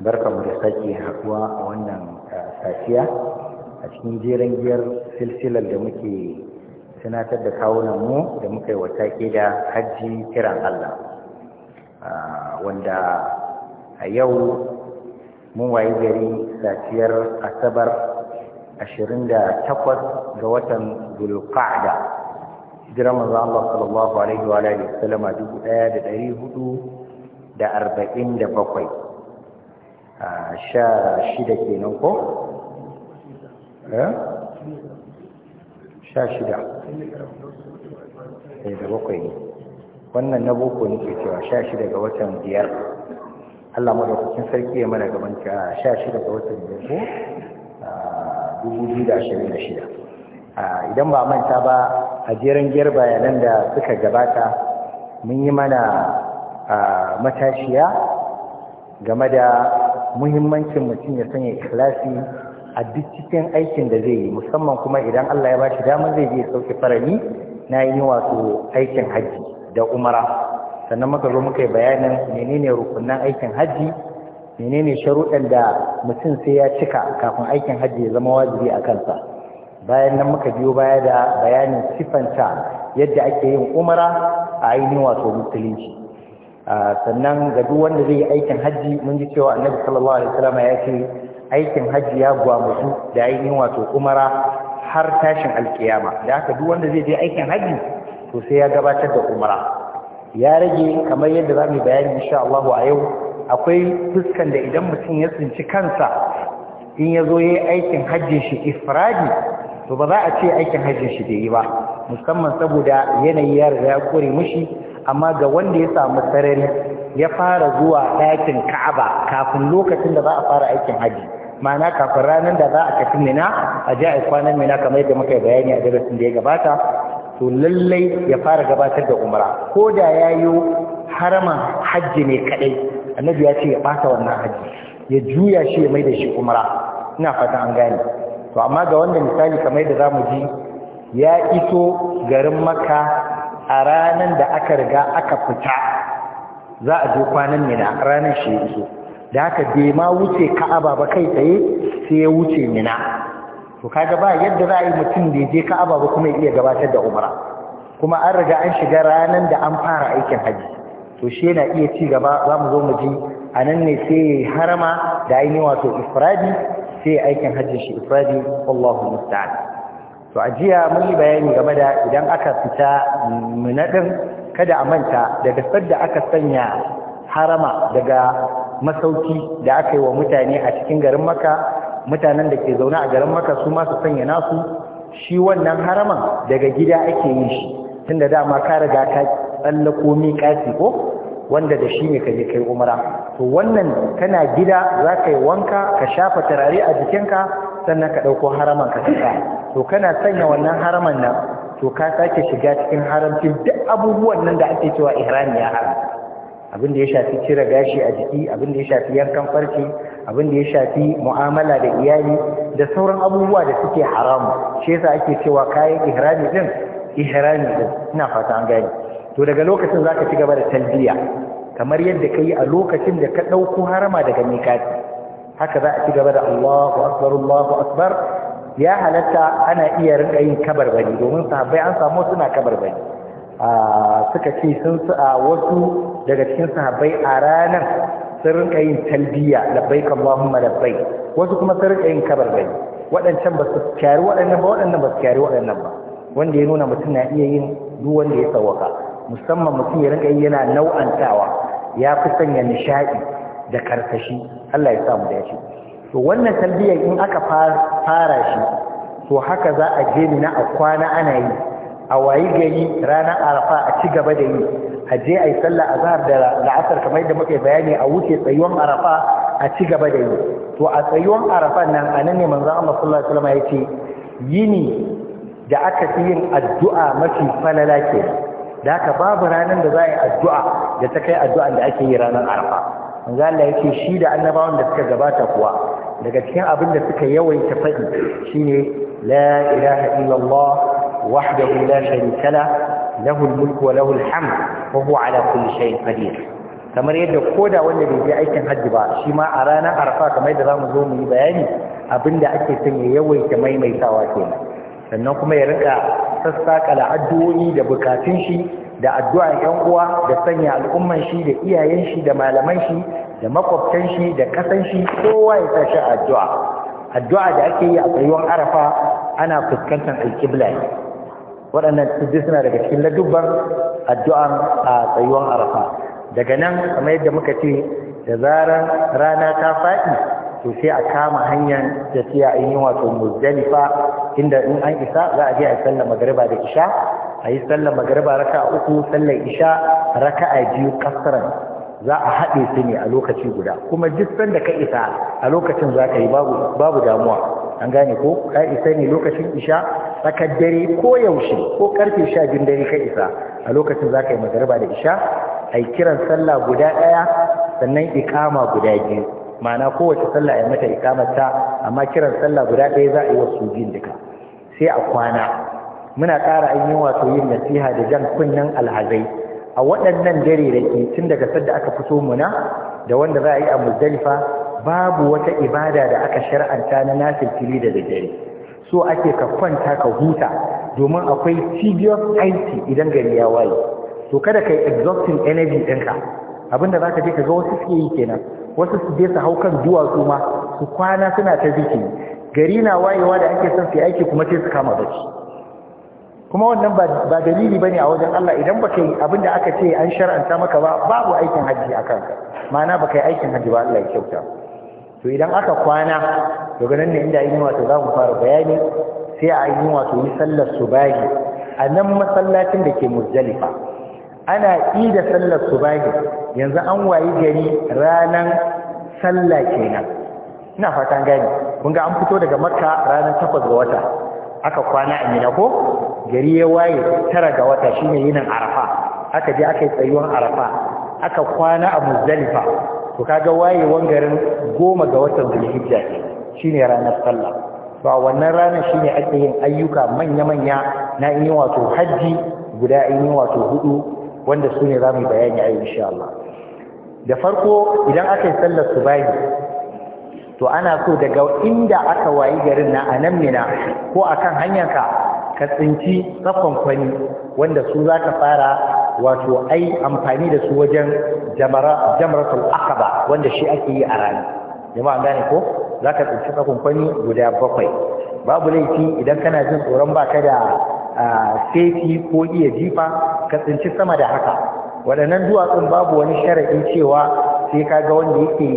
barkamu da sake haɗuwa a wannan safiya a cikin jeren giyar silsilar da muke tunatar da kawunan mu da muka yi ke da hajji kiran Allah wanda a yau mun waye gari safiyar asabar 28 ga watan zulqa'da jiran manzo Allah sallallahu alaihi wa alihi da 1447 sha shida kenan ko? Eh? sha shida sai eh, da bakwai ne wannan na boko nake cewa sha shida ga watan biyar allah madaukakin sarki ya mana gaban ka sha shida ga watan biyar ko dubu biyu da ashirin da shida idan ba manta ba a jeren giyar bayanan da suka gabata mun yi mana matashiya game da muhimmancin mutum ya sanya ikhlasi a duk cikin aikin da zai yi musamman kuma idan Allah ya bashi damar zai je sauke farani na yi wato aikin haji da umara sannan muka zo muka yi bayanin menene rukunan aikin haji menene sharuɗan da mutum sai ya cika kafin aikin haji ya zama wajibi a kansa bayan nan muka biyo baya da bayanin sifanta yadda ake yin umara a ainihin wato musulunci Ah, sannan ga duk wanda zai yi aikin hajji mun ji cewa annabi sallallahu alaihi wasallam ya ce aikin hajji ya gwamutu da ainihin wato umara har tashin alkiyama da haka duk wanda zai je aikin hajji to sai ya gabatar da umara ya rage kamar yadda zamu bayani insha Allah a yau akwai fuskan da idan mutum ya tsinci kansa in ya zo ya aikin hajjin shi ifradi to ba za a ce aikin hajjin shi da yi ba musamman saboda yanayi ya riga ya kore mushi amma ga wanda ya samu sarari ya fara zuwa ɗakin ka'aba kafin lokacin da za a fara aikin haji ma'ana kafin ranar da za a tafi mina a ji a kwanan mina kamar yadda muka yi bayani a darasin da ya gabata to lallai ya fara gabatar da umara. ko da ya yi haraman hajji ne kaɗai annabi ya ce ya ɓata wannan hajji ya juya shi ya mai da shi umara, ina fatan an gane to amma ga wanda misali kamar yadda za mu ji ya iso garin maka. a ranar da aka riga aka fita za a je kwanan mina ranar shi yanzu da haka bai wuce ka'aba ba kai tsaye sai ya wuce mina to kaga ba yadda za a yi mutum da ya je ka'aba ba kuma ya iya gabatar da umara kuma an riga an shiga ranar da an fara aikin haji to shi yana iya ci gaba za mu zo mu ji a nan ne sai ya harama da ainihin wato ifradi sai aikin hajji shi ifradi wallahu musta'an to a jiya mun yi bayani game da idan aka fita munadin kada a manta da daga da aka sanya harama daga masauki da aka yi wa mutane a cikin garin maka mutanen da ke zaune a garin maka su ma su sanya nasu shi wannan haraman daga gida ake yin shi tun da dama ka riga ka tsallako miƙati ko wanda da shi ne ka kai umara to wannan kana gida za ka yi wanka ka shafa turare a jikinka sannan ka ɗauko haraman ka saka to kana sanya wannan haraman nan to ka sake shiga cikin haramcin duk abubuwan nan da ake cewa ihrami ya haram abin da ya shafi cire gashi a jiki abin da ya shafi yankan farce abin da ya shafi mu'amala da iyali da sauran abubuwa da suke haramu shi yasa ake cewa kayan ihrami din ihrami din ina fata an gane to daga lokacin zaka ci gaba da talbiya kamar yadda kai a lokacin da ka ɗauko harama daga mikati haka za a ci gaba da Allahu akbar Allahu akbar ya halatta ana iya rinka yin kabar bani domin sahabbai an samu suna kabar a suka ce sun a wasu daga cikin sahabbai a ranar sun rinka yin talbiya labbaik Allahumma labbaik wasu kuma sun rinka yin kabar bani waɗancan ba su kyari waɗannan ba waɗannan ba su kyari waɗannan ba wanda ya nuna mutum na iya yin duk wanda ya tsawaka musamman mutum ya rinka yana nau'antawa ya fi sanya nishaɗi da karkashi Allah ya samu da shi to wannan talbiyar in aka fara shi to haka za a je ni na a kwana ana yi a wayi gari ranar arafa a ci gaba da yi a je a yi sallah a zahar da la'asar kamar yadda muke bayani a wuce tsayuwan arafa a ci gaba da yi to a tsayuwan arafa nan a nan ne manzan Allah sallallahu alaihi wasallam ya ce yini da aka fi yin addu'a mafi falala ke da haka babu ranar da za a yi addu'a da ta kai addu'ar da ake yi ranar arafa manzo Allah yake shi da annabawan da suka gabata kuwa daga cikin abin da suka yawaita faɗi shine la ilaha illallah wahdahu la sharika la lahu mulku wa lahu alhamd wa huwa ala kulli shay'in qadir kamar yadda koda wanda bai je aikin hajji ba shi ma a ranar arfa kamar yadda zamu zo mu yi bayani abinda ake son ya yawaita maimaitawa kenan sannan kuma ya rika sassaƙa addu'o'i da bukatun shi da addu'a yan uwa da sanya al'umman shi da iyayen shi da malaman shi da makwabtan shi da kasan shi kowa ya tashi addu'a addu'a da ake yi a tsayuwar arafa ana fuskantar alƙibla ne waɗannan tuddai suna daga cikin ladubban addu'an a tsayuwar arafa daga nan kamar yadda muka ce da zarar rana ta faɗi to sai a kama hanyar tafiya in yi wato muzdalifa inda in an isa za a je a sallama magariba da isha a yi sallar magariba raka uku sallar isha raka a biyu kasaran za a haɗe su ne a lokaci guda kuma duk sanda ka isa a lokacin za ka yi babu damuwa an gane ko ka isa ne lokacin isha tsakar dare ko yaushe ko karfe sha biyun dare ka isa a lokacin za ka yi magariba da isha a yi kiran sallah guda ɗaya sannan ikama guda biyu ma'ana kowace sallah a yi mata ikamata amma kiran sallah guda ɗaya za a yi wasu sujin duka sai a kwana muna ƙara yi wato yin nasiha da jan kunnen alhazai a waɗannan dare da ke tun daga sadda aka fito muna da wanda za a yi a muzdalifa babu wata ibada da aka shar'anta na nasirkili da dare. so ake ka kwanta ka huta domin akwai tedious aiki idan gari ya waye to kada ka yi exhausting energy ɗinka abinda za ka je ka ga wasu suke yi kenan wasu su je su hau kan duwatsu ma su kwana suna ta zikiri gari na wayewa da ake son su yi aiki kuma sai su kama bacci kuma wannan ba dalili bane a wajen Allah idan baka yi abin da aka ce an shar'anta maka ba babu aikin haji a kanka ma'ana baka yi aikin haji ba Allah ya kyauta to idan aka kwana to ganin ne inda yin wato za mu fara bayani sai a yi wato yi sallar subahi a nan masallacin da ke muzdalifa ana yi da sallar subahi yanzu an wayi gari ranan sallah kenan ina fatan gani kun ga an fito daga makka ranar takwas ga wata aka kwana a mina ko gari ya waye tara ga wata shine yinin arafa aka je aka yi tsayuwan arafa aka kwana a muzdalifa to kaga wayewan garin goma ga watan zulhijja ne shine ranar sallah to a wannan ranar shine ake yin ayyuka manya-manya na yi wato hajji guda yi wato hudu wanda su ne za mu bayani a insha Allah da farko idan aka yi sallar subahi to ana so daga inda aka wayi garin na a nan mina ko akan hanyarka ka tsinci kwani wanda su za ka fara wato ai amfani da su wajen jamaratul akaba wanda shi ake yi a rani an gane ko za ka tsinci kwani guda bakwai babu laifi idan kana jin tsoron baka da seti ko iya jifa ka tsinci sama da haka waɗannan duwatsun babu wani sharaɗi cewa sai ka ga wanda yake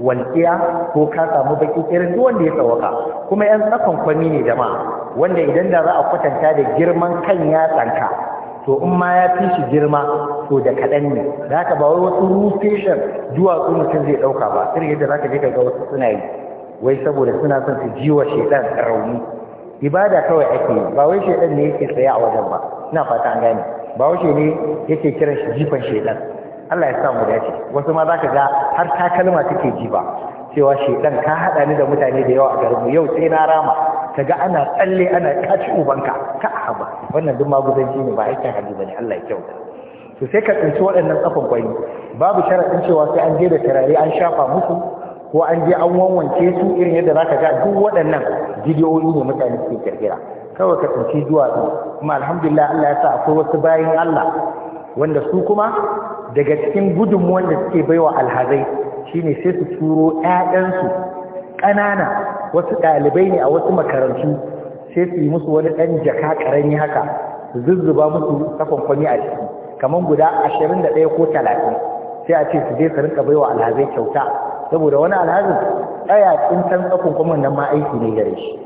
walƙiya ko ka samu baƙi irin duk wanda ya tsawaka kuma 'yan tsakon kwami ne jama'a wanda idan da za a kwatanta da girman kan yatsanka to in ma ya fi shi girma to da kaɗan ne Za ka ba wasu rufeshin duwatsu mutum zai ɗauka ba sai yadda za ka je ka ga wasu suna yi wai saboda suna son su ji wa shaidan rauni ibada kawai ake yi ba wai shaidan ne yake tsaye a wajen ba ina fata an gane ba wai ne yake kiran shi jifan shaidan Allah ya sa mu dace wasu ma za ka ga har takalma take jifa cewa shaidan ka haɗa ni da mutane da yawa a garin mu yau sai na rama Daga ana tsalle ana kaci ubanka ka haba wannan duk maguzanci ne ba aikin haji bane Allah ya kyauta to sai ka tsinci waɗannan kafan kwani babu sharadin cewa sai an je da tarare an shafa musu ko an je an wanwance su irin yadda zaka ga duk waɗannan bidiyoyi ne mutane suke kirkira kawai ka tsinci zuwa kuma alhamdulillah Allah ya sa akwai wasu bayan Allah wanda su kuma daga cikin gudunmuwan da suke baiwa alhazai shine sai su turo ƴaƴansu ƙanana wasu ɗalibai ne a wasu makarantu sai su yi musu wani ɗan jaka ƙarami haka zuzzuba musu tafankwani a ciki kamar guda ashirin da ɗaya ko talatin sai a ce su je su rinka baiwa alhazai kyauta saboda wani alhazin tsaya tsintan tsakunkwamin nan ma aiki ne gare shi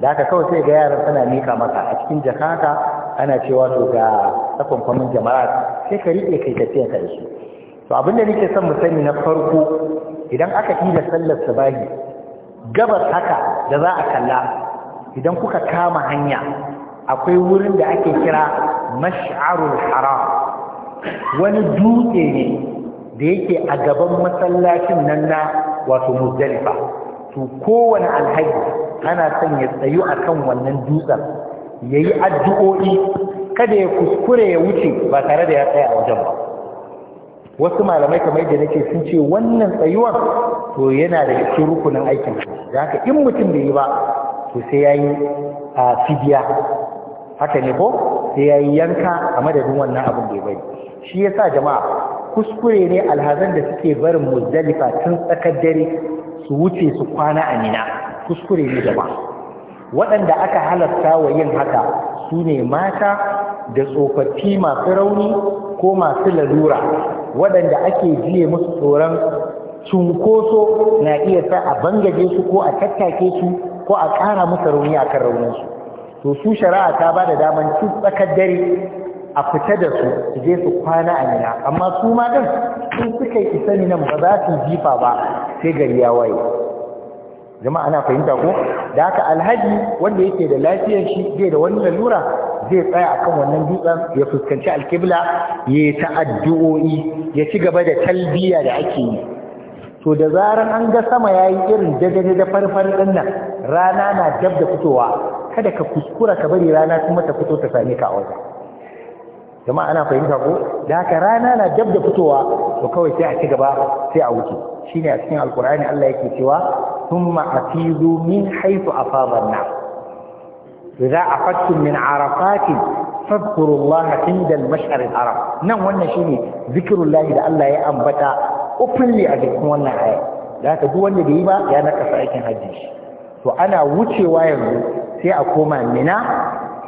da haka kawai sai ga yaran suna mika maka a cikin jaka haka ana cewa to ga takwankwamin jama'a sai ka riƙe kai tafiya ka da shi. to abin da nake son mu sani na farko idan aka yi da sallar sabahi gabas haka da za a kalla idan kuka kama hanya akwai wurin da ake kira mash'arul haram wani dutse ne da yake a gaban masallacin nan na wato muzdalifa to kowane alhaji ana son ya tsayu akan wannan dutsen yayi addu'o'i kada ya kuskure ya wuce ba tare da ya tsaya a wajen ba wasu malamai kamar da nake sun ce wannan tsayuwar to yana da cikin rukunin aikin da haka in mutum bai yi ba to sai ya yi a fidiya haka ne ko sai ya yi yanka a madadin wannan abin da ya bai shi yasa jama'a kuskure ne alhazan da suke barin muzdalifa tun tsakar dare su wuce su kwana a nina. kuskure ne jama'a waɗanda aka halarta wa yin haka su ne mata da tsofaffi masu rauni ko masu lalura waɗanda ake jiye musu tsoron cunkoso na iya sa a bangaje su ko a tattake su ko a ƙara musu rauni a kan rauninsu to su shari'a ta ba da daman su tsakar dare a fita da su su je su kwana a nina amma su ma din sun suka yi sani nan ba za su jifa ba sai gari ya waye jama'a ana fahimta ko da haka alhaji wanda yake da lafiyar shi zai da wani lura, zai tsaya akan wannan dutsen ya fuskanci alkibla ya ta addu'o'i ya ci gaba da talbiya da ake yi to da zaran an ga sama yayi irin dagade da farfar din nan rana na dab da fitowa kada ka kuskura ka bari rana kuma ta fito ta same ka a wajen jama'a ana fahimta ko da haka rana na dab da fitowa to kawai sai a ci gaba sai a wuce shine a cikin alkur'ani Allah yake cewa ثم أفيدوا من حيث أفاض الناس إذا أفدتم من عرفات فاذكروا الله عند المشعر الحرام نعم wannan shine zikirullahi da Allah ya ambata openly a cikin wannan aya da haka duk wanda bai ba ya naka aikin hajji to ana wucewa yanzu sai a koma Minna,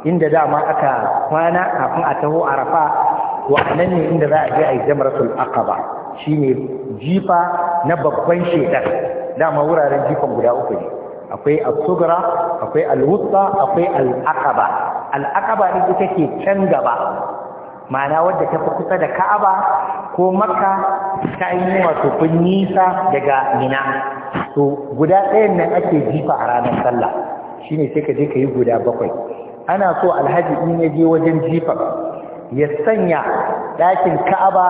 inda dama aka kwana kafin a taho Arafa to anan ne inda za a je a yi jamratul aqaba shine jifa na babban shedar dama wuraren jifan guda uku ne akwai al-sugra akwai al-wusta akwai al-aqaba al-aqaba ita ke can gaba ma'ana wadda ta fi kusa da Ka'aba ko Makka ta yi wato kun nisa daga Mina to guda ɗayan nan ake jifa a ranar sallah shine sai ka je ka yi guda bakwai ana so alhaji in ya je wajen jifa ya sanya ɗakin Ka'aba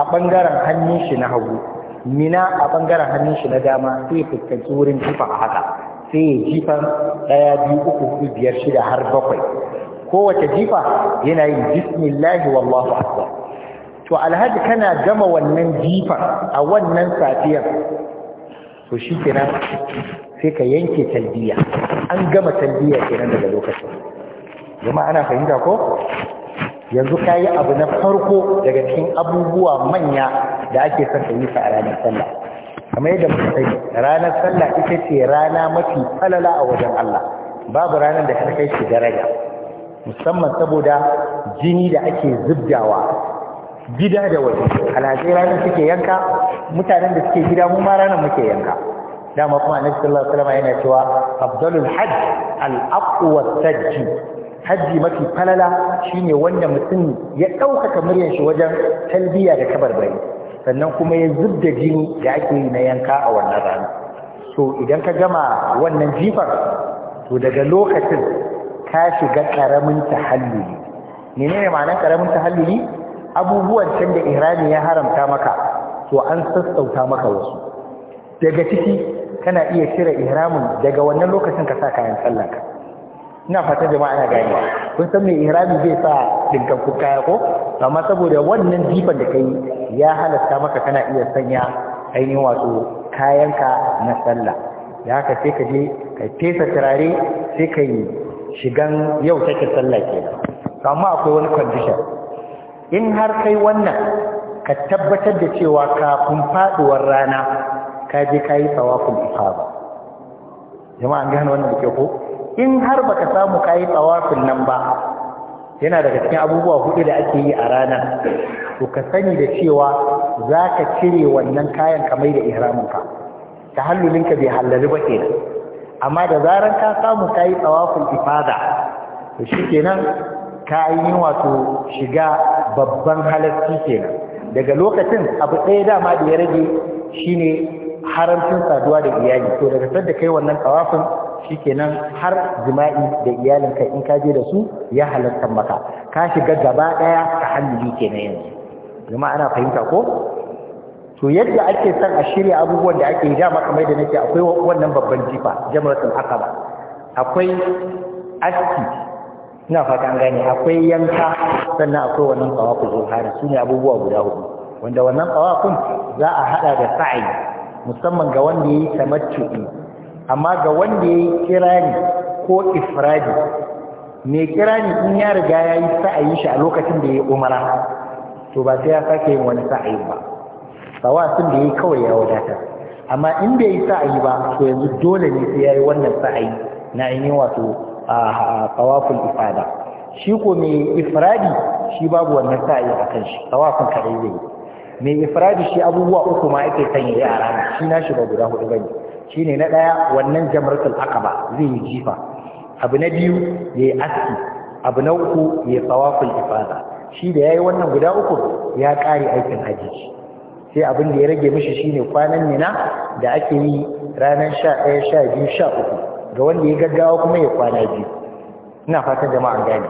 a ɓangaren hannun shi na hagu mina a bangaren hannun shi na dama sai fuskanci wurin jifa a haka sai ya jifa ɗaya biyu uku hudu biyar shida har bakwai kowace jifa yana yin bismillahi wallahu akbar to alhaji kana gama wannan jifa a wannan safiyar to shi kenan sai ka yanke talbiya an gama talbiya kenan daga lokacin jama'a ana fahimta ko yanzu ka yi abu na farko daga cikin abubuwa manya da ake son ka yi sa a ranar sallah kamar yadda muka sani ranar sallah ita ce rana mafi falala a wajen Allah babu ranar da ta kai shi daraja musamman saboda jini da ake zubdawa gida da waje alhazai ranar suke yanka mutanen da suke gida mu ma ranar muke yanka dama kuma annabi sallallahu alaihi wasallam yana cewa afdalul hajj al aqwa sajji hajji mafi falala shine wanda mutum ya ɗaukaka muryar shi wajen talbiya da bayi sannan kuma ya zub da jini da ake yi na yanka a wannan rana to idan ka gama wannan jifar to daga lokacin ka shiga karamin tahalluli menene ma'anar karamin tahalluli abubuwan can da ihrami ya haramta maka to an sassauta maka wasu daga ciki kana iya cire ihramin daga wannan lokacin ka sa kayan sallah ina fata jama'a na gani kun san mai ihrami zai sa dinkan ku kaya ko amma saboda wannan jifan da kai ya halasta maka kana iya sanya ainihin wato kayanka na sallah ya haka sai ka je ka fesa turare sai ka yi shigan yau take sallah ke amma akwai wani condition in har kai wannan ka tabbatar da cewa kafin faduwar rana ka je ka yi tsawakul ifaba jama'a an gane wannan da ke ko in har baka samu kayi tsawafin nan ba yana daga cikin abubuwa hudu da ake yi a rana to ka sani da cewa za ka cire wannan kayan ka da ihraminka ta hallulinka bai hallari ba kenan amma da zaran ka samu kayi tsawafin ifada to shikenan ka yi wato shiga babban halarci kenan daga lokacin abu ɗaya dama da ya rage shine haramcin saduwa da iyali to daga sadda kai wannan tsawafin shikenan har jima'i da iyalinka in ka je da su ya halatta maka ka shiga gaba daya ta hannuni kenan yanzu kuma ana fahimta ko to yadda ake son a shirya abubuwan da ake yi dama kamar da nake akwai wannan babban jifa jamratul aqaba akwai aski ina fatan gane akwai yanka sannan akwai wannan tsawakul zuhari sune abubuwa guda hudu wanda wannan tsawakun za a hada da sa'i musamman ga wanda yayi tamattu'i amma ga wanda ya yi kirani ko ifradi mai kirani in ya riga ya yi sa'ayi shi a lokacin da ya yi umara to ba sai ya sake yin wani sa'ayi ba Sawa sun da ya yi kawai ya wadata amma in da ya yi sa'ayi ba to yanzu dole ne sai ya yi wannan sa'ayi na ainihin wato a tsawafin ifada shi ko mai ifradi shi babu wannan sa'ayi a kan shi tsawafin kaɗai zai yi mai ifradi shi abubuwa uku ma ake sanya yi a rana shi na shi ba guda hudu ba ne Shi ne na ɗaya wannan aka ba zai yi jifa abu na biyu ya yi aski abu na uku ya yi tsawafin ifada shi da ya yi wannan guda uku ya ƙare aikin hajji sai abin da ya rage mishi shi ne kwanan nina da ake yi ranar sha ɗaya sha biyu sha uku ga wanda ya gaggawa kuma ya kwana biyu ina fatan jama'a gane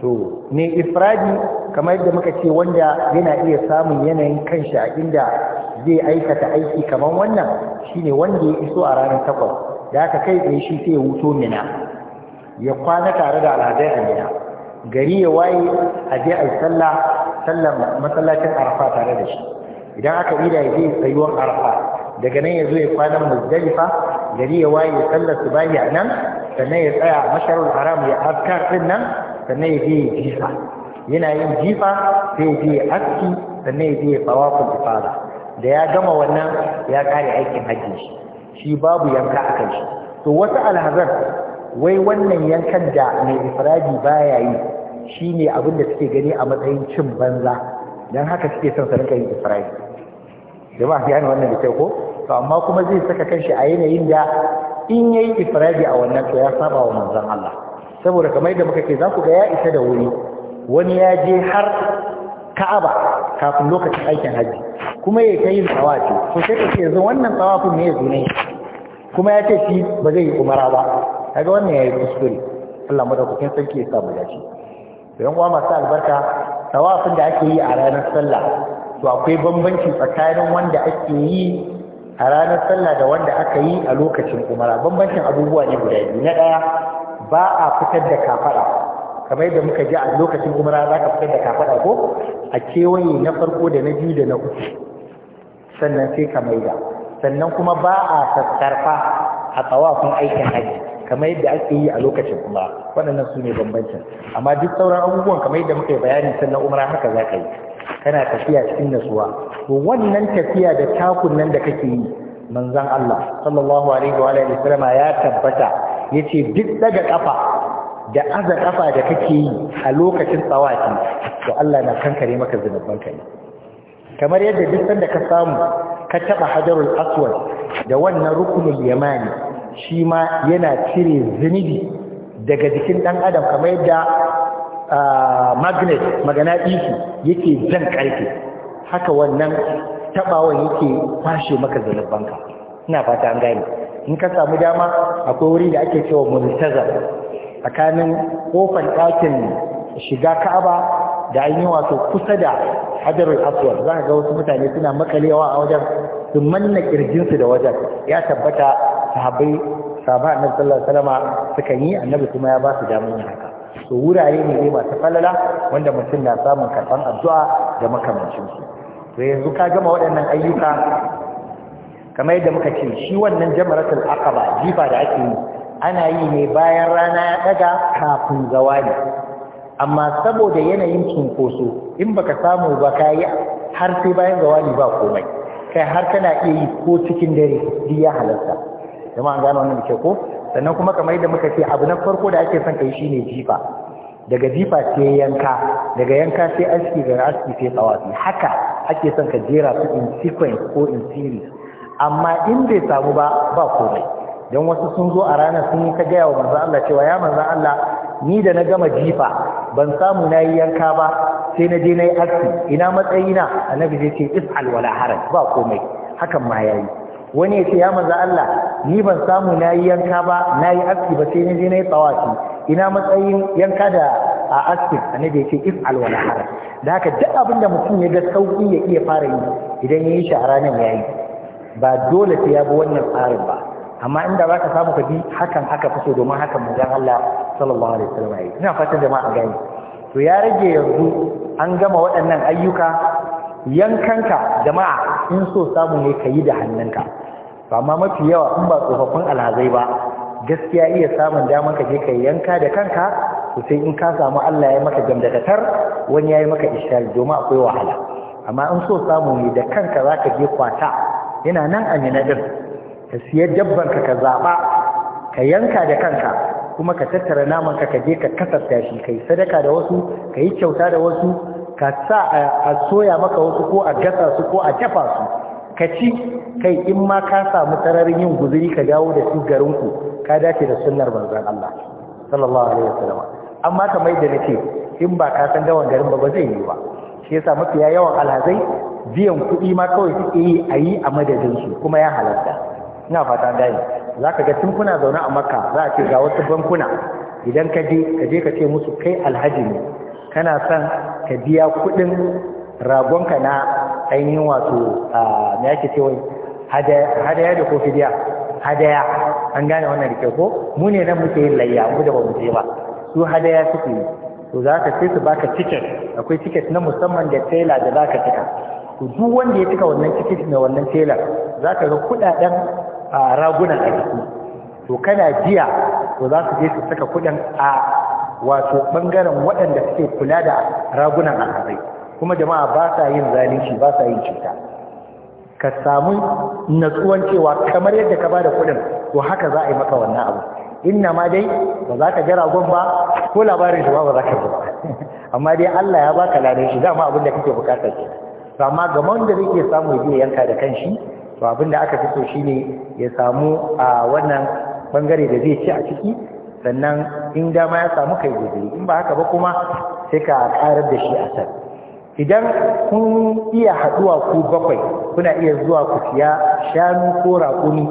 to ne ifradi kamar yadda muka ce wanda yana iya samun yanayin kanshi a inda zai aikata aiki kamar wannan shine wanda ya iso a ranar takwas da aka kai tsaye shi sai ya wuto mina ya kwana tare da alhazai a mina gari ya waye a je a yi sallah masallacin arafa tare da shi idan aka ida ya je tsayuwar arafa daga nan ya zo ya kwana muzdalifa gari ya waye ya sallar su bayi a nan sannan ya tsaya a masharar haram ya askar din nan sannan ya je ya jifa yana yin jifa sai ya je ya aski sannan ya je ya tsawafin ifada da ya gama wannan ya kare aikin hajji shi shi babu yanka a kai shi to wasu alhazar wai wannan yankan da mai ifradi baya yi shine abin da suke gani a matsayin cin banza dan haka suke son su rinka yin da ba ya ne wannan da ko to amma kuma zai saka kanshi a yanayin da in yayi ifradi a wannan to ya saba wa manzon Allah saboda kamar da muka ce za ku ga ya isa da wuri wani ya je har Ka'aba kafin lokacin aikin hajji kuma ya ta yin tsawafi to sai ka ce yanzu wannan tsawafin ne ya ne kuma ya ce shi ba zai yi umara ba kaga wannan ya yi kuskure Allah madaukakin sarki ya sa mu dace to yan uwa masu albarka tsawafin da ake yi a ranar sallah to akwai bambanci tsakanin wanda ake yi a ranar sallah da wanda aka yi a lokacin umara bambancin abubuwa ne guda biyu na ɗaya ba a fitar da kafara kamar yadda muka ji a lokacin umara za ka fitar da kafaɗa ko a kewaye na farko da na biyu da na uku sannan sai ka maida sannan kuma ba a sassarfa a tsawafin aikin haji kamar yadda ake yi a lokacin kuma waɗannan su ne bambancin amma duk sauran abubuwan kamar yadda muka yi bayani sannan umara haka za ka yi kana tafiya cikin nasuwa to wannan tafiya da takun nan da kake yi manzon Allah sallallahu alaihi wa alihi wasallama ya tabbata yace duk daga kafa da aza kafa da kake yi a lokacin tsawaki to Allah na kankare maka zunubanka ne kamar yadda duk sanda ka samu ka taba hajarul aswad da wannan rukunul yamani shi ma yana cire zunubi daga jikin dan adam kamar yadda magnet maganaɗisi yake jan ƙarfe haka wannan tabawan yake kwashe maka zanubanka ina fata an gane in ka samu dama akwai wuri da ake cewa multazar tsakanin kofar ɗakin shiga ka'aba da an yi wato kusa da hajarul aswad za ga wasu mutane suna makalewa a wajen su manna kirjinsu da wajen ya tabbata sahabbai sahaba annabi sallallahu alaihi wasallama suka yi annabi kuma ya ba su damun yin haka so wurare ne dai masu falala wanda mutum na samun karban addu'a da makamancin su to yanzu ka gama waɗannan ayyuka kamar yadda muka ce shi wannan jamaratul aqaba jifa da ake yi ana yi ne bayan rana ya daga kafin zawani. amma saboda yanayin cunkoso in baka samu ba ka yi har sai bayan zawali ba komai kai har kana iya yi ko cikin dare duk ya halarta kuma an gano wannan da ko sannan kuma kamar yadda muka ce abu na farko da ake son kai shine jifa daga jifa sai yanka daga yanka sai aski daga aski sai tsawafi haka ake son ka jera su in sequence ko in series amma in bai samu ba ba komai dan wasu sun zo a ranar sun yi ka gaya wa manzo Allah cewa ya manzo Allah ni da na gama jifa ban samu na yi yanka ba sai na je na yi aski ina matsayina annabi zai ce is alwala haraj ba komai hakan ma ya yi wani ya ce ya manzo Allah ni ban samu na yi yanka ba na yi aski ba sai na je na yi tsawaki ina matsayin yanka da a aski annabi ya ce is alwala haraj da haka duk abin da mutum ya ga sauki ya iya fara yi idan ya yi shi a ya yi ba dole sai ya bi wannan tsarin ba amma inda ba ka samu ka bi hakan aka fi so domin hakan manzon Allah sallallahu alaihi wasallam ina fatan jama'a gani to ya rage yanzu an gama waɗannan ayyuka yankanka jama'a in so samu ne ka yi da hannunka amma mafi yawa in ba tsofaffin alhazai ba gaskiya iya samun damar ka je ka yanka da kanka to sai in ka samu Allah ya maka gamdakatar wani ya yi maka ishari domin akwai wahala amma in so samu ne da kanka za ka je kwata yana nan a din ka siya dabban ka ka zaɓa ka yanka da kanka kuma ka tattara naman ka ka je ka kasafta shi kai sadaka da wasu ka yi kyauta da wasu ka sa a soya maka wasu ko a gasa su ko a dafa su ka ci kai in ma ka samu sararin yin guzuri ka dawo da su ku ka dace da sunnar manzon Allah sallallahu alaihi wasallam amma kamar da nake in ba ka san dawon garin ba ba zai yi ba shi yasa mafiya yawan alhazai biyan kuɗi ma kawai suke yi a yi a su kuma ya halatta ina fata dai za ka ga tun kuna zaune a makka za a ce ga wasu bankuna idan ka je ka je ka ce musu kai alhaji ne kana San ka biya kuɗin ragonka na ainihin wato me yake ce wai hadaya da ko fidiya hadaya an gane wannan da ko mu ne nan muke yin layya mu da bamu je ba su hadaya suke yi to za ka sai su baka ticket akwai ticket na musamman da tela da za ka cika to duk wanda ya cika wannan ticket na wannan tela za ka ga kuɗaɗen a ragunan a jiki to kana jiya to za su je su saka kuɗin a wato bangaren waɗanda suke kula da ragunan harai kuma jama'a ba sa yin zalunci ba sa yin cuta ka samu natsuwan cewa kamar yadda ka ba da kuɗin to haka za a yi maka wannan abu inna ma dai ba za ka jira gun ba ko labarin shi ba ba za ka ji ba amma dai Allah ya baka ladan shi dama abin da kake bukatar shi amma ga wanda yake samu ya yanka da kanshi to abin da aka fi so shine ya samu a wannan bangare da zai ci a ciki sannan in dama ya samu kai gobe in ba haka ba kuma sai ka karar da shi a can idan kun iya haduwa ku bakwai kuna iya zuwa ku siya shanu ko raƙumi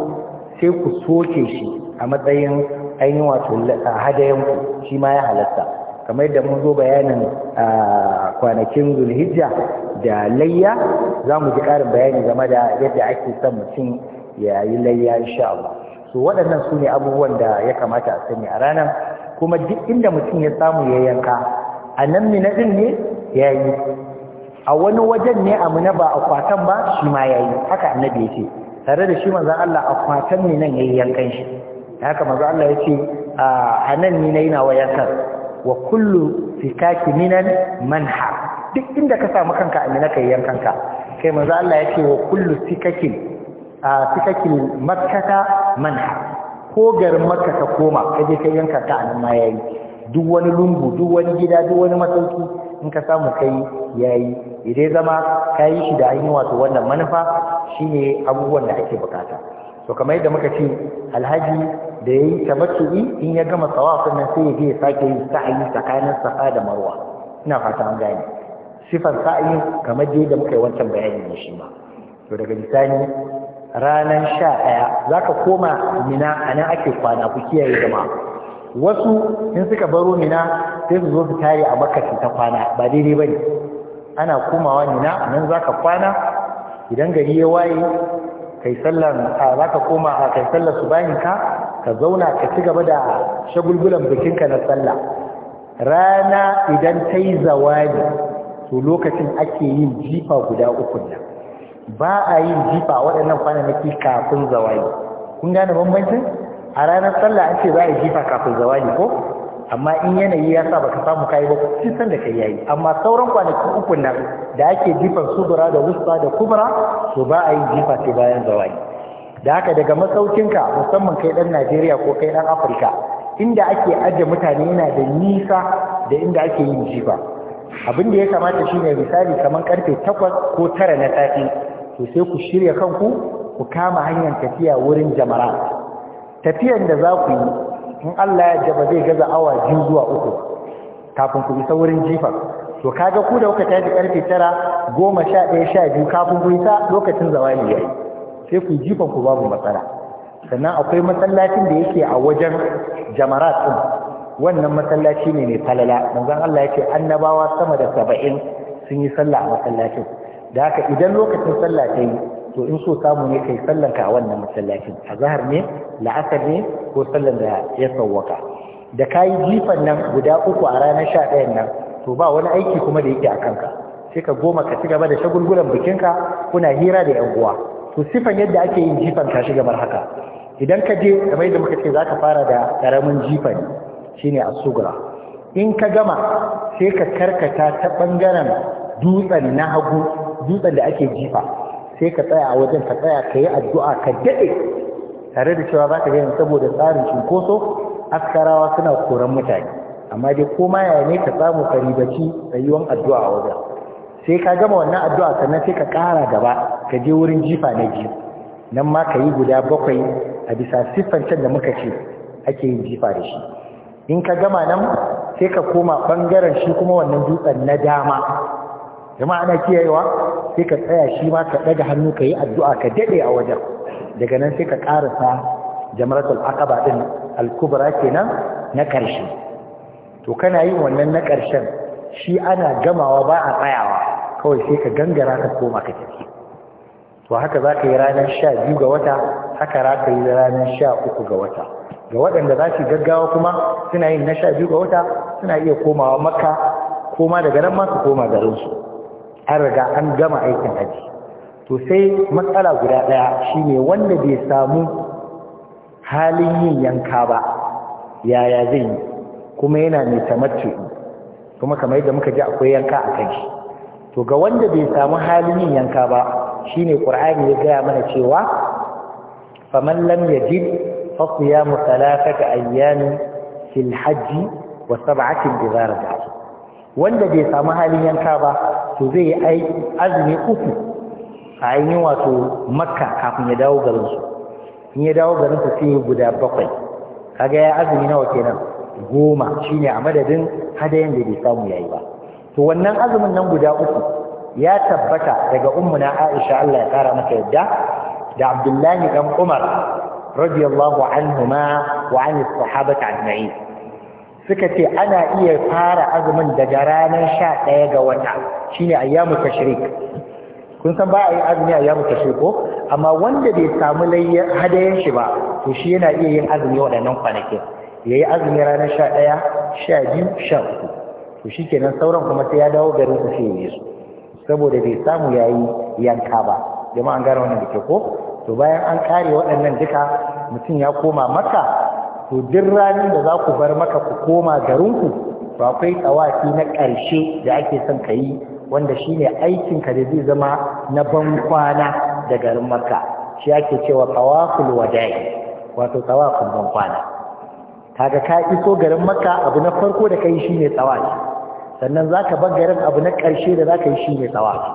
sai ku soke shi a matsayin ainihin wato hadayen ku shi ma ya halatta kamar da mun zo bayanin kwanakin zulhijja da layya za mu ji ƙarin bayani game da yadda ake son mutum ya yi layya insha Allah so waɗannan su ne abubuwan da ya kamata a sani a ranar kuma duk inda mutum ya samu ya yanka a nan mina ɗin ne ya yi a wani wajen ne a muna ba akwatan ba shi ma ya yi haka annabi ya ce tare da shi manzan Allah akwatan ne nan ya yi yankan shi haka manzan Allah ya ce a nan ni na yi nawa yankan wa kullu fitaki minan manha duk inda ka samu kanka a mina kai yankanka kai manzo Allah yake wa kullu fitakin a fikakin makkata manha ko garin makka ka koma ka je kai yankanka a nan ma yayi duk wani lungu duk wani gida duk wani masauki in ka samu kai yayi idan zama kayi shi da ainihin wato wannan manufa shine abubuwan da ake bukata to kamar yadda muka ce alhaji da ya yi tabattu'i in ya gama tsawafin nan sai ya je ya sake yi sa'ayi tsakanin safa da marwa ina fata an gane sifar sa'ayi kamar dai da muka yi wancan bayani ne shi ma to daga bisani ranar sha ɗaya za ka koma mina a nan ake kwana ku kiyaye jama wasu in suka baro mina sai su zo su tare a makashi ta kwana ba daidai ba ne ana komawa mina a nan za ka kwana idan gari ya waye kai sallan za ka koma a kai sallar su bayan ka ka zauna ka ci gaba da shagulgulan bikinka na sallah rana idan ta yi to lokacin ake yin jifa guda uku nan ba a yin jifa waɗannan kwanaki kafin zawadi. kun gane bambancin a ranar sallah ake za a yi jifa kafin zawadi ko amma in yanayi ya sa baka samu kayi ba cikin san da kai yayi amma sauran kwanaki uku nan da ake jifan subura da wusta da kubra to ba a yi jifa sai bayan zawai da haka daga masaukinka musamman kai dan Najeriya ko kai dan Afirka inda ake aje mutane yana da nisa da inda ake yin jifa abin da ya kamata shine misali kamar karfe takwas ko tara na safe to sai ku shirya kanku ku kama hanyar tafiya wurin jamara. tafiyan da za ku yi in Allah ya jaba zai gaza awa biyu zuwa uku kafin ku isa wurin jifa to kaga ku da kuka tashi karfe tara goma sha ɗaya sha biyu kafin ku isa lokacin zawali yayi sai ku jifan ku babu matsala sannan akwai masallacin da yake a wajen jamarat din wannan masallaci ne mai falala manzon Allah ya ce annabawa sama da saba'in sun yi sallah a masallacin da haka idan lokacin sallah ta yi to in so samu ne kai sallan ka a wannan masallacin a zahar ne la'asar ne ko sallan da ya sauwaka da kai jifan nan guda uku a ranar 11 nan to ba wani aiki kuma da yake a kanka sai ka goma ka ci gaba da shagulgulan bikinka kuna hira da yan uwa to sifan yadda ake yin jifan ka shi gamar haka idan ka je kamar da muka ce zaka fara da karamin jifan shine asugura in ka gama sai ka karkata ta ɓangaren dutsen na hagu dutsen da ake jifa sai ka tsaya a wajen ka tsaya ka yi addu'a ka daɗe tare da cewa za ka gani saboda tsarin cunkoso askarawa suna koran mutane amma dai koma yaya ne ka samu karibaci ribaci addu'a a wajen sai ka gama wannan addu'a sannan sai ka ƙara gaba ka je wurin jifa na biyu nan ma ka yi guda bakwai a bisa can da muka ce ake yin jifa da shi in ka gama nan sai ka koma ɓangaren shi kuma wannan dutsen na dama jama'a ana kiyayewa sai ka tsaya shi ma ka daga hannu ka yi addu'a ka daɗe a wajen daga nan sai ka karasa jamratul aqaba ɗin al kenan na ƙarshe, to kana yin wannan na karshen shi ana gamawa ba a tsayawa kawai sai ka gangara ka koma ka tafi to haka za ka yi ranar sha biyu ga wata haka za ka yi ranar sha uku ga wata ga waɗanda za su gaggawa kuma suna yin na sha biyu ga wata suna iya komawa makka koma daga nan ma su koma garinsu an riga an gama aikin haji to sai matsala guda ɗaya shine wanda bai samu halin yin yanka ba yaya zai yi kuma yana mai tamattu kuma kamar yadda muka ji akwai yanka a kai to ga wanda bai samu halin yin yanka ba shine qur'ani ya gaya mana cewa faman lam yajid fa siyamu thalathata ayyamin fil hajji wa sab'atin idza wanda bai samu halin yanka ba to zai yi azumi uku a ainihin wato makka kafin ya dawo garinsu in ya dawo garinsu sai guda bakwai kaga ya azumi nawa kenan goma shine a madadin hadayen da bai samu yayi ba to wannan azumin nan guda uku ya tabbata daga ummuna Aisha Allah ya kara masa yadda da Abdullahi dan Umar radiyallahu anhuma wa anis sahabati ajma'in suka ce ana iya fara azumin daga ranar sha ɗaya ga wata shine ayyamu tashrik kun san ba a yi azumi ayyamu tashrik ko amma wanda bai samu hadayen shi ba to shi yana iya yin azumi waɗannan kwanakin ya yi azumi ranar sha ɗaya sha biyu sha uku to shi kenan sauran kuma sai ya dawo garin su sai ya su saboda bai samu ya yi yanka ba jama'an an gane wannan da ke ko to bayan an kare waɗannan duka mutum ya koma maka to duk ranar da za ku bar maka ku koma garinku to akwai tsawaki na ƙarshe da ake son ka yi wanda shine aikinka da zai zama na ban kwana da garin maka, shi ake cewa tawaful wada'i wato tawaful ban kwana kaga ka iso garin maka abu na farko da kai shine tsawaki, sannan zaka bar garin abu na ƙarshe da zaka yi shine tsawaki?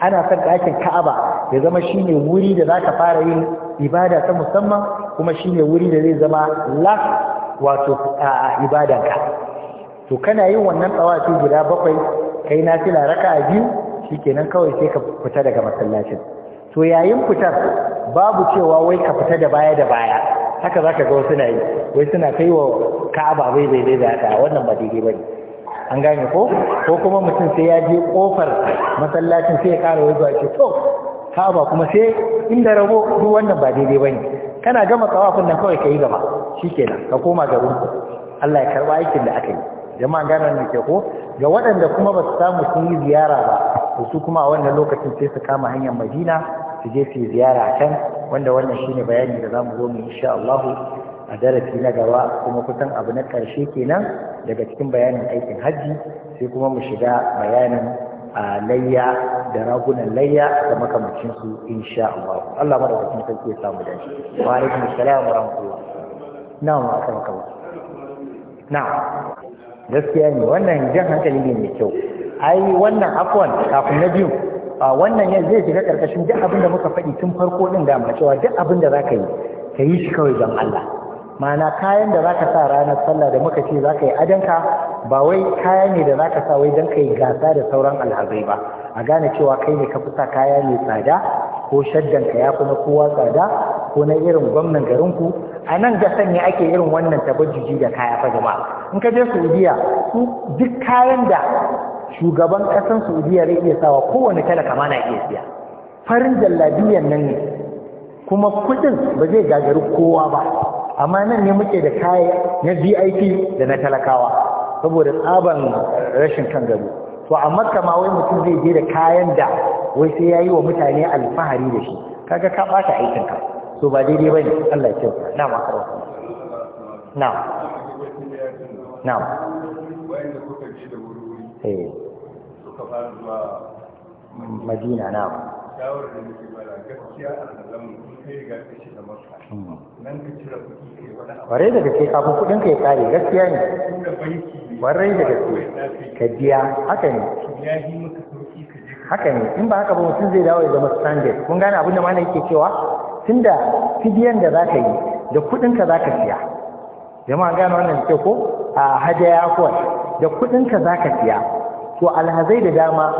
ana son ɗakin ka'aba ya zama shine wuri da zaka fara yin ibada ta musamman kuma shine wuri da zai zama last wato ibadanka to kana yin wannan tsawafi guda bakwai kai na fila raka'a biyu shikenan kawai sai ka fita daga masallacin to yayin fitar babu cewa wai ka fita da baya da baya haka zaka ga wasu na yi wai suna kai wa ka'aba bai bai da ta wannan ba daidai bane an gane ko ko kuma mutum sai ya je kofar masallacin sai ya kara wai zuwa ce to kaba kuma sai inda rabo duk wannan ba daidai bane kana gama tsawafin nan kawai kai gaba shikenan ka koma garin Allah ya karba aikin da aka yi jama'an gane ne ke ko ga waɗanda kuma ba su samu sun yi ziyara ba su kuma a wannan lokacin sai su kama hanyar Madina su je su ziyara a can wanda wannan shine bayani da zamu zo mu insha Allah a darasi na gaba kuma kusan abu na karshe kenan daga cikin bayanin aikin hajji sai kuma mu shiga bayanin a layya da ragunan layya da makamacin su insha Allah Allah madaukakin sarki ke samu da dace wa alaikum assalam wa rahmatullah na'am aka maka ba na'am gaskiya ne wannan jan hankali ne mai kyau ai wannan afwan kafin na biyu wannan yanzu zai shiga karkashin duk abin da muka faɗi tun farko din da cewa duk abin da ka yi ka yi shi kawai don Allah ma'ana kayan da zaka sa ranar sallah da muka ce zaka yi adanka ba wai kaya ne da zaka sa wai dan kai gasa da sauran alhazai ba a gane cewa kai ne ka fusa kaya ne tsada ko shaddan ka ya kuma kowa tsada ko na irin gwamnan garin ku a nan ga sanya ake irin wannan tabajiji da kaya fa jama'a in ka je Saudiya su duk kayan da shugaban kasan Saudiya zai iya sawa kowane kala kama na iya siya farin jalladiyan nan ne kuma kudin ba zai gagari kowa ba amma nan ne muke da kaya na vip da na talakawa saboda tsaban rashin kan gari, to a makka wai mutum zai je da kayan da wai sai ya yi wa mutane alfahari da shi kaga ka ɓata aikinka to ba daidai ba ne allah kyau na makarwa na na madina na shawarar da muke bada gaskiya a kai da maka nan ka cire kuɗi kai wani abu da gaske kafin kuɗin kare gaskiya ne ware da gaske ka biya haka ne haka ne in ba haka ba mutum zai dawo ya zama standard kun gane abin da mana yake cewa tunda fidiyan da za ka yi da kuɗinka za ka siya jama'a gane wannan ce ko a hadaya kuwa da kuɗinka za ka siya to alhazai da dama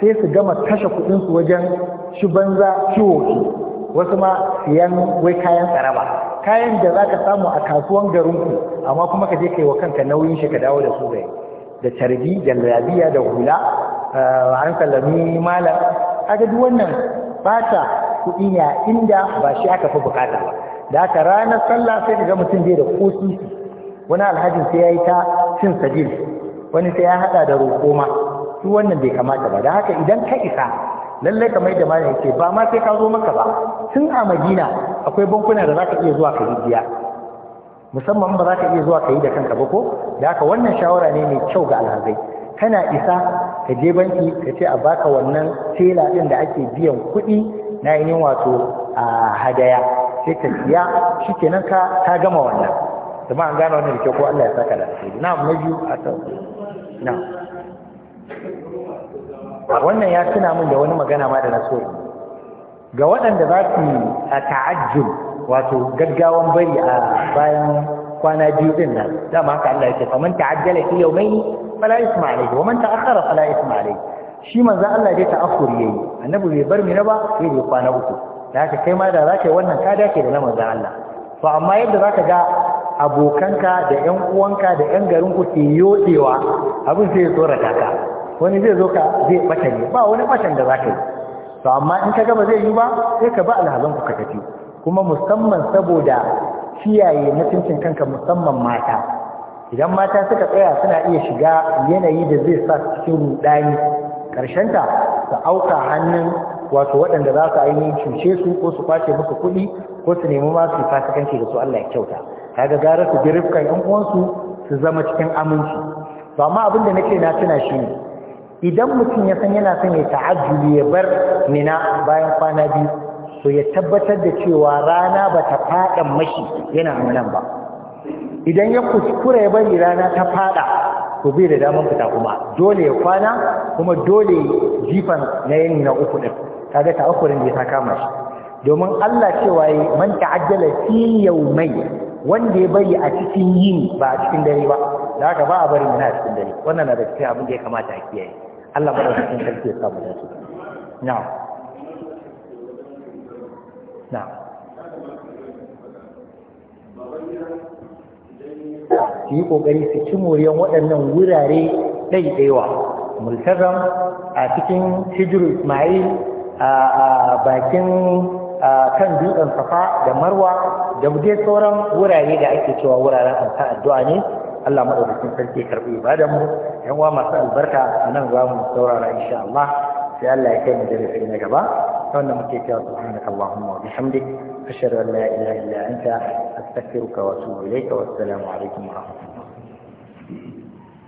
sai su gama kashe kuɗinsu wajen shi banza ciwo wasu ma siyan wai kayan tsaraba kayan da za ka samu a kasuwan garinku amma kuma ka je kai wa kanka nauyin shi ka dawo da su bai da carbi da labiya da hula a eh, hankali lami malam kaga duk wannan bata kuɗi ne a inda ba shi aka fi bukata ba da haka ranar sallah sai ka ga mutum bai da kosi wani alhajin sai ya yi ta cin sajil wani sai ya haɗa da roƙoma. ma duk wannan bai kamata ba da haka idan ka isa lallai ka mai da malam yake ba ma sai ka zo maka ba tun a madina akwai bankuna da zaka iya zuwa ka yi biya musamman ba za iya zuwa ka yi da kanka ba ko da haka wannan shawara ne mai kyau ga alhazai kana isa ka je banki ka ce a baka wannan tela ɗin da ake biyan kuɗi na yin wato a hadaya sai ka siya shi kenan ka ka gama wannan zama an gane wannan da kyau ko Allah ya saka da alheri na amma biyu a na wannan ya tuna min da wani magana ma da na so ga waɗanda za su a ta'ajjul wato gaggawan bari a bayan kwana biyu din nan dama haka Allah ya fa faman ta'ajjala fi yawmayni fala isma alayhi wa man ta'akhkhara fala isma alayhi shi manzo Allah dai ta'akhuri yayi annabi bai bar mina ba sai dai kwana uku da haka kai ma da zaka yi wannan ka dace da manzo Allah to amma yadda za ka ga abokanka da ƴan uwanka da ƴan garin ku ke yodewa abin sai ya tsorata ka wani zai zo ka zai bata ne ba wani ɓatan da za ka yi to amma in ka gaba zai yi ba sai ka ba alhazan ku ka tafi kuma musamman saboda kiyaye mutuncin kanka musamman mata idan mata suka tsaya suna iya shiga yanayi da zai sa su cikin rudani ta su auka hannun wato waɗanda za su ainihin cuce su ko su kwace musu kuɗi ko su nemi ma su fasikanci da su Allah ya kyauta kaga gara su bi rifkan yan uwansu su zama cikin aminci to amma abin da nake na tuna shi ne idan mutum ya san yana son ya ta'ajjuli ya bar nina bayan kwana biyu to ya tabbatar da cewa rana ba ta faɗa mashi yana nan ba idan ya kuskura ya bari rana ta faɗa to bai da damar fita kuma dole ya kwana kuma dole jifan na yin na uku ɗin kaga ta akurin da ya ta kama shi domin Allah cewa yi man ta'ajjala fi mai wanda ya bari a cikin yini ba a cikin dare ba da haka ba a bari mana a cikin dare wannan na da cikin abin da ya kamata a kiyaye Allah madaukakin cikin ya samu dace na, na. su yi ƙoƙari su ci moriyan waɗannan wurare ɗaiɗaiwa multazam a cikin hijiru ismail a bakin kan dutsen safa da marwa da dai sauran wurare da ake cewa wuraren amsa addu'a ne Allah madaukakin sarki ya karbi ibadan mu yan wa masu albarka nan za mu saurara insha Allah sai Allah ya kai mu na gaba wannan muke cewa subhanaka allahumma wa bihamdik ashhadu an la ilaha illa anta astaghfiruka wa atubu ilayka wa assalamu alaikum wa rahmatullahi